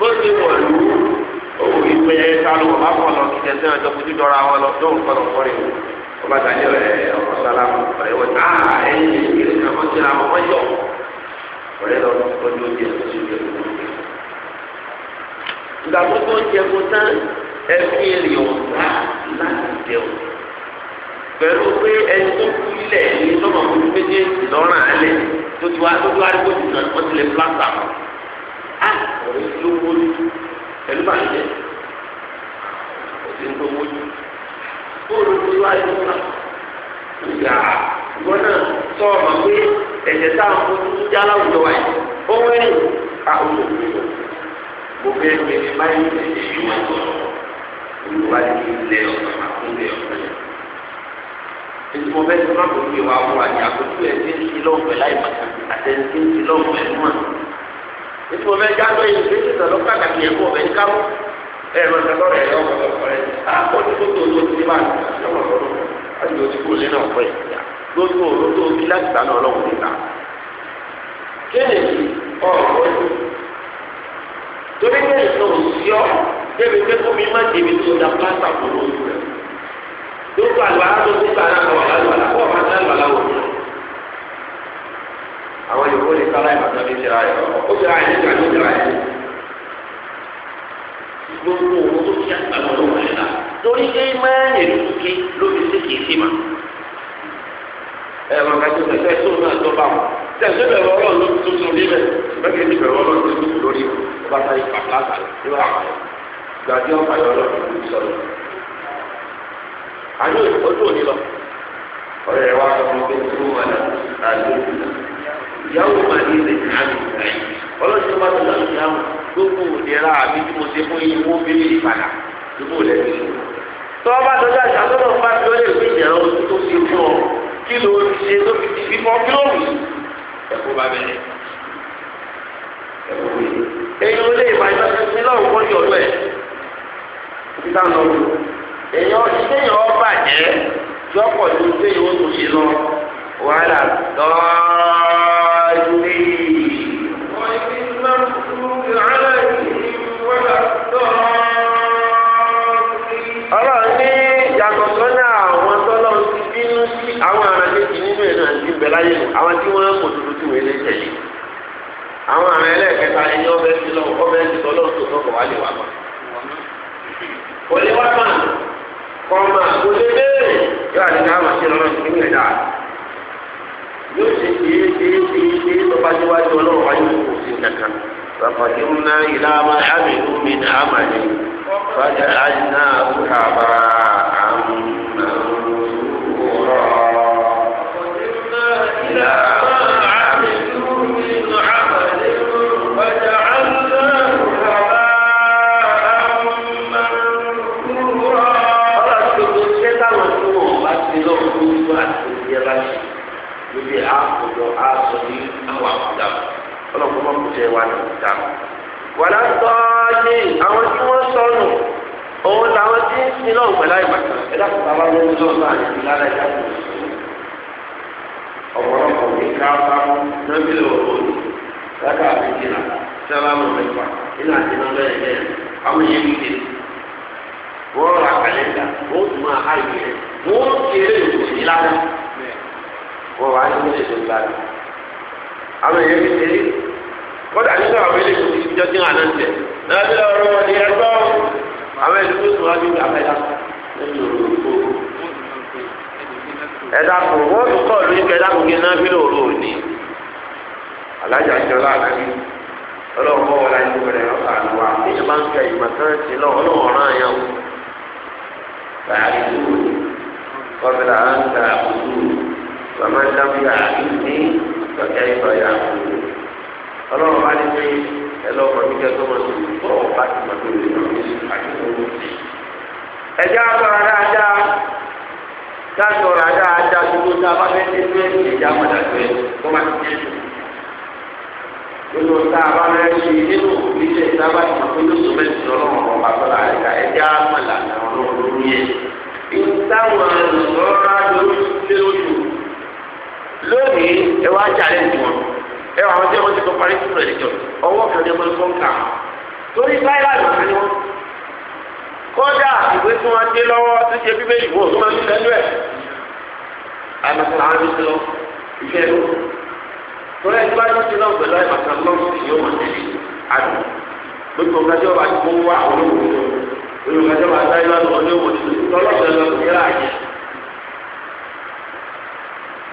bó ti wọ̀lú owó ìpè sálọ akọlọ kìtẹ sẹ́wọ̀n tó fojú dọ́ra wọn lọ tó ń kọlọ kọrin ọba tàbí ẹ ọkọ sálámù ẹwọ tí a ẹyìn ìgbèrè náà wọn ti ra wọn yọ ọ̀rẹ́ lọ lọ́jọ́ ojú ẹsẹ̀ sí ìgbèrè náà. ìgbà gbogbo jẹun tán ẹ fi èrè ọ̀gá láti jẹun pẹ̀lú pé ẹni tó kú ilẹ̀ ẹni tó mọ̀ fún méjèèjì lọ́rùn àlẹ́ tó ti wá tó ti ti sàn wọ́n ti lè plásà wọn
á ah! ọ̀rẹ́
ló wójú pẹ̀lú bàjẹ́ òsì ń tó wójú bóòlù tó wá yóò wá ìyá ìwọ náà sọ ọmọ pé ẹ̀jẹ̀ táwọn fojú tó já láwùjọ wa yìí ó wẹ́rìn àwọn òbí rẹ̀ mo fẹ́ bẹ̀rẹ̀ báyìí ẹ̀jẹ̀ yìí wọ́n tọ̀ olùwádìí ilé ọ̀sán àkúndé ọ̀sán yẹn ètò ọbẹ̀ tó má kò fi wá wọ àyà ẹ̀ tí ń ti lọ́wọ́ pẹ̀lú àyè àtẹ̀ntì ń ètò ọbẹ̀ jágbé yìí ló ti sọ̀rọ̀ pàtàkì ẹ̀kọ́ ọbẹ̀ káwọ́ ẹ̀rọ ìtọ́lọ́ rẹ̀ yọ ọkọ̀ ọkọ̀ rẹ̀ àpò ní tó tó ti bá yọ̀wọ̀ lọ́wọ́ àti òtí kò lé náà pẹ̀ lójú òru tó kí láti gbà náà lọ́wọ́ níta.
kéde ọ̀rọ̀
torí pé ìtàn òsíọ́ débi pé kó mi má débi tó da pásítà kò lójú rẹ̀ lójú àlùbárà tó ti gbà náà kọ̀ wà lálùbárà kọ̀ wà lálùbárà wò ní àwọn yòókù lè sára ìmọ̀ tán ní ìṣẹ̀lá rẹ̀ ó ṣe àyè nígbà tó ṣẹlá yẹn. gbogbo owó tó kí àgbàgbọ́ ló wọlé la torí pé mẹ́rin ló ké lóbi sí kìí sí mà. ẹ wọn ká tó fẹsẹ̀ tó náà tó bá wọn tẹ̀sí bẹ̀rù ọlọ́run ló tó tó níbẹ̀ bẹ́ẹ̀ ni bẹ̀rù ọlọ́run tó tó lórí ọba táyé pàtàkì níwá gbàdí ọ̀pá yọ ọlọ́run ló sọ̀rọ̀. àyè ojú òní lọ ọ̀rẹ́ wa sọ fún dáhùn gbogbo òdìrà àbí tí mo ṣe fún yín wọ́n fi mí ìpadà gbogbo òdìrà ti ṣe. bá tọ́jú àṣà tó lọ́ọ́ bá fi lọ́lẹ̀ fún ìjẹ́rọ tó ṣe fún ọ kí ló ṣe tó fi ti fífọ́ kí ló wù ẹ̀kọ́ bá bẹ̀rẹ̀. èyí ló lè bá ìbá ṣe lọ́rùn kọ́ ní ọ̀dọ́ ẹ̀ kí táwọn lọ́rùn. èèyàn ìṣẹ́yìn
ọlọ́run ní yàtọ̀ sọ́nà àwọn tọ́lọ́ ti
bínú sí àwọn ará méjì nínú ẹ̀ náà ti àwọn tí wọ́n kò dúdú tí wọ́n lè tẹ̀lé àwọn ará ẹlẹ́ẹ̀kẹta ẹni ọbẹ̀ ti lọ ọbẹ̀ ti tọ́lọ́ tó tọ́kọ̀ wá lè wà pa.
kọ́ yóò àti ká nínú
yóò ṣe فقدمنا إلى ما حملوا من عمل فجعلناه هباء jẹ wà lọ́ta. wàlá tọ́ọ̀lì àwọn tí wọ́n sọnù òun làwọn tí ń sin náà pẹ̀lú àyè pàtó ẹ̀dá kò bá wà lóun tó bá àyè lára ẹ̀dá kò sí. ọ̀pọ̀lọpọ̀ ní káfá nọ́bìlì òòlù lákà àbíkìlà sábàmù mẹ́fà nínú àti nọ́bẹ̀ ẹ̀dẹ́ àwọn yẹn ń kiri. wọ́n ra kàlẹ́ndà wọ́n tún máa háyè rẹ̀ wọ́n kéré ìwòsí wọ́n wá ní ilé ìjọba àwọn yẹn ń kiri. kódà nínú àwọn ilé ìlú ti jọ́ ndị àná tẹ̀
lábẹ́ ọ̀rọ̀ wọn ni ẹgbẹ́ ọ̀hún àwọn ìlú tó tún ìgbà mẹ́ta ẹ̀dá kò wọ́n tún kọ́ lóyún kò náà òru
òní. alájà wọlé ayé wẹ̀rẹ̀ ń ìmọ̀ lọ ọlọ́run ọlọ́run bá ní pé ẹ lọ mọ̀ mí kẹ́kọ̀ọ́ mọ̀ sí bọ́ọ̀ bá ti mọ̀ lórí ìlú àdúgbò ẹ̀jẹ̀ àtọ̀rọ̀ dáadáa dáàtọ̀rọ̀ dáadáa gbogbo tá a bá fẹ́ nínú ẹ̀jẹ̀ ẹ̀jẹ̀ àmọ̀dájú ẹ̀ kó má ti jẹ́ nínú tá a bá fẹ́ ṣe nínú ìdílé tá a bá ti mọ̀ pé lóṣù mẹ́sì ọlọ́run ọba tọ́lá ẹ̀ka ẹ̀jẹ̀ àmọ̀là ọlọ́run lórí ẹ̀ ìtàwọn ọ̀rọ̀ lórí lónìí ẹ ẹ wà wọn tí wọn ti kọ parí sùn rẹ jọ ọwọ́ kan ní wọn kọ ń kà torí báyìí láti wọn ni wọn kọjá ìwé tí wọn dé lọ́wọ́ tó ṣe bíbélì wọn tó máa ń lẹ́nu ẹ àlùkò àwọn ti lọ ìfẹ́ lọ torí ẹ gbájú ti lọ pẹ̀lú ẹ bàtà lọ́wọ́ sí yóò wọn tẹ́lẹ̀ àdùn gbogbo ọgájọ bá ti kó wá olówó olówó ọgájọ bá ti dáyọ lọ olówó olówó tọlọsọ lọ sí yàrá yẹn.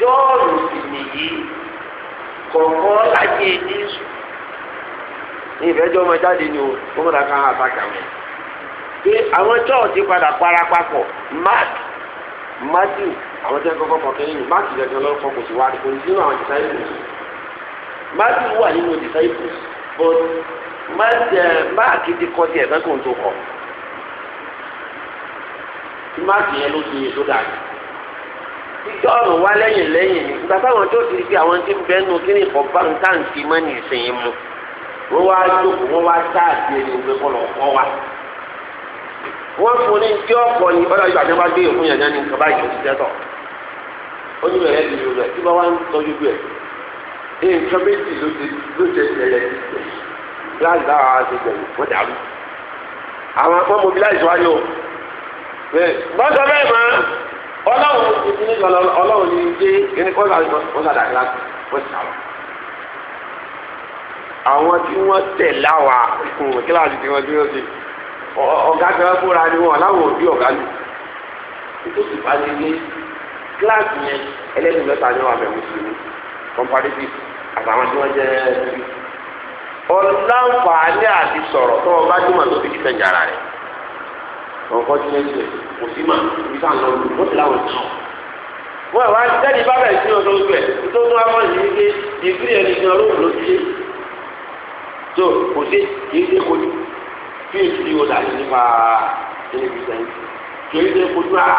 jọ́ọ̀lù sì nìyí kọ̀ọ̀kan láyé jésù ní ìfẹ́jọ́ ọmọ jáde ni o wọ́n múra ká hàn sáka mọ́ pé àwọn chọ́ọ̀tì padà para mark matthew àwọn tí wọ́n kọ́kọ́ kọ́ kẹ́yìn ní mark gẹ́gẹ́ sí kò disciples but mark eh, ti kọ́ tó kọ́ mark yẹn ló
jọ́ọ̀nù wá lẹ́yìn lẹ́yìn ni
ìgbà táwọn tó ti fi àwọn tí ń bẹ́ nu kíní ìfọ̀ báńkà ń ti mọ́ ní ìsìn mu wọ́n wá jókòó wọ́n wá sáàtì ẹni pé kọ́ lọ kọ́ wa. wọ́n fún ní tí ọ̀pọ̀ ní ọ̀dọ̀ ìgbà tí wọ́n bá gbé ìfún yàrá ní nǹkan báyìí ti tẹ́tọ̀. ó ní bẹ̀rẹ̀ bí yorùbá tí wọ́n wá ń tọ́jú bẹ̀. ẹ̀yìn nǹkan méjì ló ti ló ti ṣẹlẹ̀ láti bá wa ṣe gbẹ̀yìn wọ́n dàrú. àwọn akọ́ mobilize wáyé o. bọ́sọ̀ bẹ́ẹ̀ ọlọ́run ti fi ní lọ́lọ́ ọlọ́run ní dé kíní kọ́ làwọn ìbọn ọ̀sà dàgbà wọ́n ti sàwọ̀. àwọn tí wọ́n tẹ̀ láwa kíláàsì tí wọ́n dúró sí ọ̀gá tí wọ́n fúnra ni wọn láwọn òbí ọ̀gá lù. ìtòsí pàdé ní kíláàsì yẹn ẹlẹ́dùn mẹ́ta ni wọ́n àbẹ̀wò sí ní comparative àtàwọn tí wọ́n jẹ́ ọ̀nàǹfààní àti sọ̀rọ̀ tó ọkọ tí lẹsẹ kò sí mà ibi tá à ń lọ lù wọn ti láwọn tán wọn wá sẹni bá bẹ̀rẹ̀ sí ọdún ojú ẹ tó tún wá mọyì ní pé ìfúri ẹni gan lóhùn ló ti lé tó kò sí kì í ṣe kojú bí èsì ni o dàbí nípa tẹlifíṣàn kì í ṣe kojú ara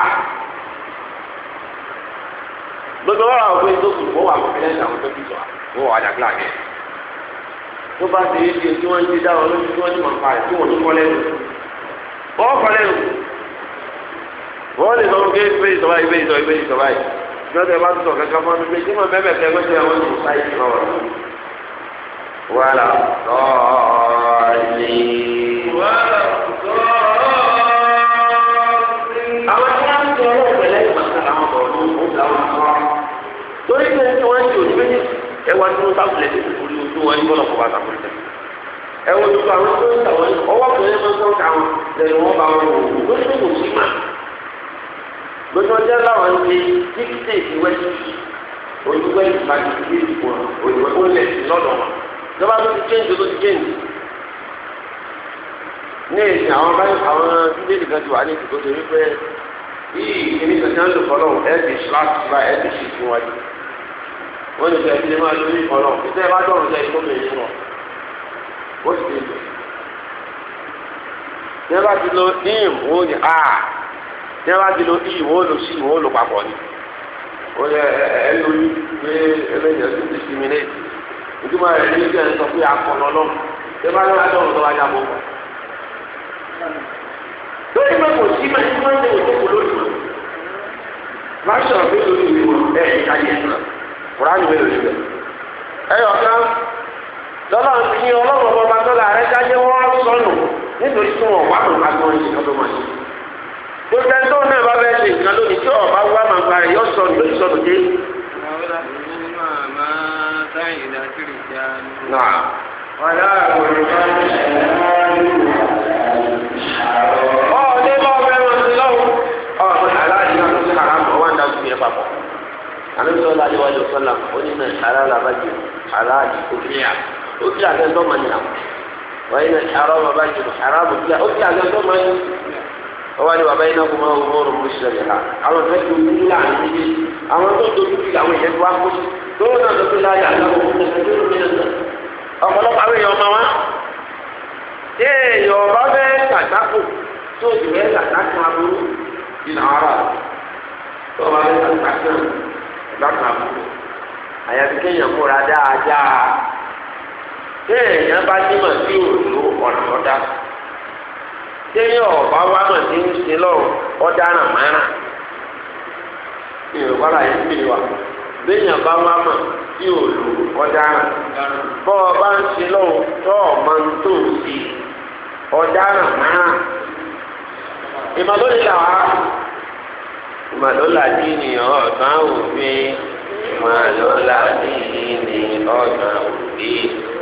gbogbo wọn àwọn ọgbẹ tó kù wọn wà wọn fẹlẹ àwọn tó kù sọ wọn wà dàgbà kẹ tó bá ṣe é ṣe tí wọn ń ṣe dáwọn lójú tí wọn ti mọ pa ẹ tí wọn tó kọ lẹ́nu wọ́n kọ́ O wọ́n lè sọ pé ìgbé ìsọ̀bá ìgbé ìsọ̀ ìgbé ìsọ̀bá yìí ní ọ̀sẹ̀ bá sọ̀ kankan fún mi méjì mọ̀ bẹ́ẹ̀ bẹ́ẹ̀ kẹ́kọ̀ọ́ àwọn ènìyàn sáyé ìfọ̀ wọn. wàhálà sọ́ọ̀lì. wàhálà
sọ́ọ̀lì. àwọn tí wọ́n ń sọ ọlọ́run pẹ̀lẹ́ ìgbàkan làwọn
bọ̀ ọdún ó làwọn sọ. torí pé tí wọ́n ń ṣe òní méjì ẹwà tí wọ́n sábùlẹ̀ ẹ wo àwọn tó ń tàwọn ọwọ́ kan yẹn máa ń tọ́ka wọn lẹ́nu wọn bá wọn wò lóṣù kò sí mà lóṣù láwọn ń ṣe díkítì ìwẹ́sì olùwẹ́ ìbàdí ìdílé ìbò olùwẹ́ ó lẹ̀ sí lọ́dọ̀ wọn ìjọba tó ti change tó ti change ní èsì àwọn báyìí àwọn bíbélì kan ti wà ní ìdìbò tó wípé yìí ìdílé kan ti ń lò fọlọ́ ẹ̀ ti ṣíláṣí ṣì fún wájú wọ́n ní ìfẹ́ ìdílé máa lórí fọlọ́ ìfẹ́ dọ̀rùn jẹ́ ìkómi ìlú ó sì lè lò tí wọ́n bá ti lo im ó ní a tí wọ́n bá ti lo im ó lo sí im ó lo papọ̀ ni ó yẹ ẹ ló ní pé ẹlẹ́yìn ẹ̀sìn discriminate ìdúmọ̀ rẹ̀ ní ilé sọ pé akọ̀nà lọ́wọ́ tí wọ́n bá lọ́wọ́ adọ́rùn tó wá yá bọ́ lórí
mẹ́kò sí máa máa ń lè
wọ́n lórí lọ́nà tí ọlọ́run ọmọ bá tọ́lá rẹ dájẹ́ wọ́n sọnù nítorí tí wọ́n wà lóun agbọ́n yìí kan ló máa ṣe. gbogbo ẹni tó náà bá bẹ́ẹ̀ ṣe nǹkan lónìí tí ọba wà máa gba rẹ̀ yọ sọnù yóò sọnù dé.
Wàlá àgbòrò bá ń ṣe wọ́n. Ọ̀ọ́dẹ́ bá ọbẹ̀ wọn sí lọ́wọ́. Ọ̀ọ́dẹ́ aláàdì náà ló ń kàrà
mọ́ wá ń dá sí ẹ̀ papọ̀ anamisọlọ aliwaju sọlọ onina halala baju halali kofiya ó kí àgbẹ̀ tó máa nyà wọ́n yín náà arọ́ jùlọ aráàbò kí ó kí àgbẹ̀ tó máa nyà wọ́n wá ní bàbá yín náà kó máa wọ́n la. àwọn tó tó láàrin níbi àwọn tó tó tó àwọn tó kó tó tó tó ọ̀pọ̀lọpọ̀ àwọn èèyàn ọmọ wa ṣé èèyàn ọba fẹ́ kàtàkù tó ti kàtàkù aburú ara tó ọba fẹ́ kàtàkù àyàfi kéèyàn téèyàn bá nímọ̀ sí òòlù ọ̀nà ọ̀dá téèyàn ọ̀bá wá mọ̀ sí ń ṣe lọ́rùn ọ̀dá náà márùn ìrọ̀bá là yẹn pè béèyàn bá wá sí òòlù ọ̀dá náà ọ bá ń ṣe lọ́rùn tó ọmọ tó ń ọ̀dá náà márùn ìmọ̀lódé ìmọ̀lódé ni ọ̀sán òfin ìmọ̀lódé ni ọ̀sán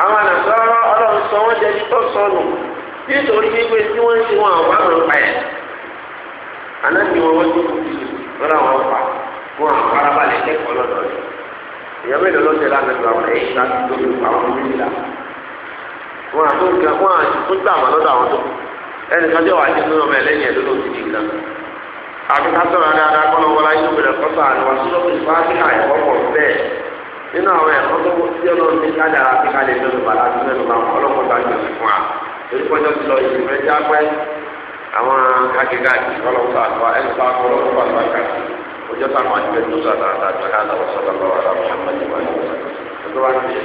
àwọn ànàsọ́rọ́ ọlọ́run sọ wọ́n jẹbi tó sọnù nítorí wípé tí wọ́n ń wọn àwọn àwọn ọ̀pá ẹ̀ anábì wọn wọ́n tó kù sí lọ́dọ̀ àwọn ọ̀pá fún àwọn farabalẹ̀ kẹ́kọ̀ọ́ mélòó àwọn wọn àti wọn fún gbà wọn àwọn tó ẹnì kan wà á nínú àwọn ẹ̀kọ́ tó kó sí ọlọ́run ní kádàrá tí kálẹ̀ mẹ́nu bàlá tó mẹ́nu bá wọn ọlọ́run bá jọ sí fún wa torí pọ́njọ́ ti lọ ìlú rẹ̀ já pẹ́ àwọn akẹ́kọ̀ọ́ ọlọ́run sàtọ́ ẹnu bá kọ́ ọlọ́run bá bàkà ọjọ́ táwọn àti bẹ́ẹ̀ tó sàtà àtàjọ káàdà wọ́n sọ́dọ̀ lọ́wọ́ àdàbọ̀ àmàlẹ́ wà ní ọ̀sán tó wá ní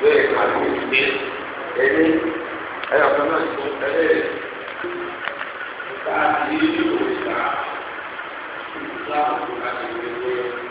bẹ́ẹ̀ àti ìgbé ẹni ẹ̀yọ̀ kan náà ti tẹ̀lé
ìgbà tí ìlú ìgbà ìgbà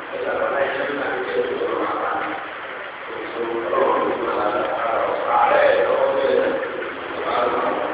Thank you.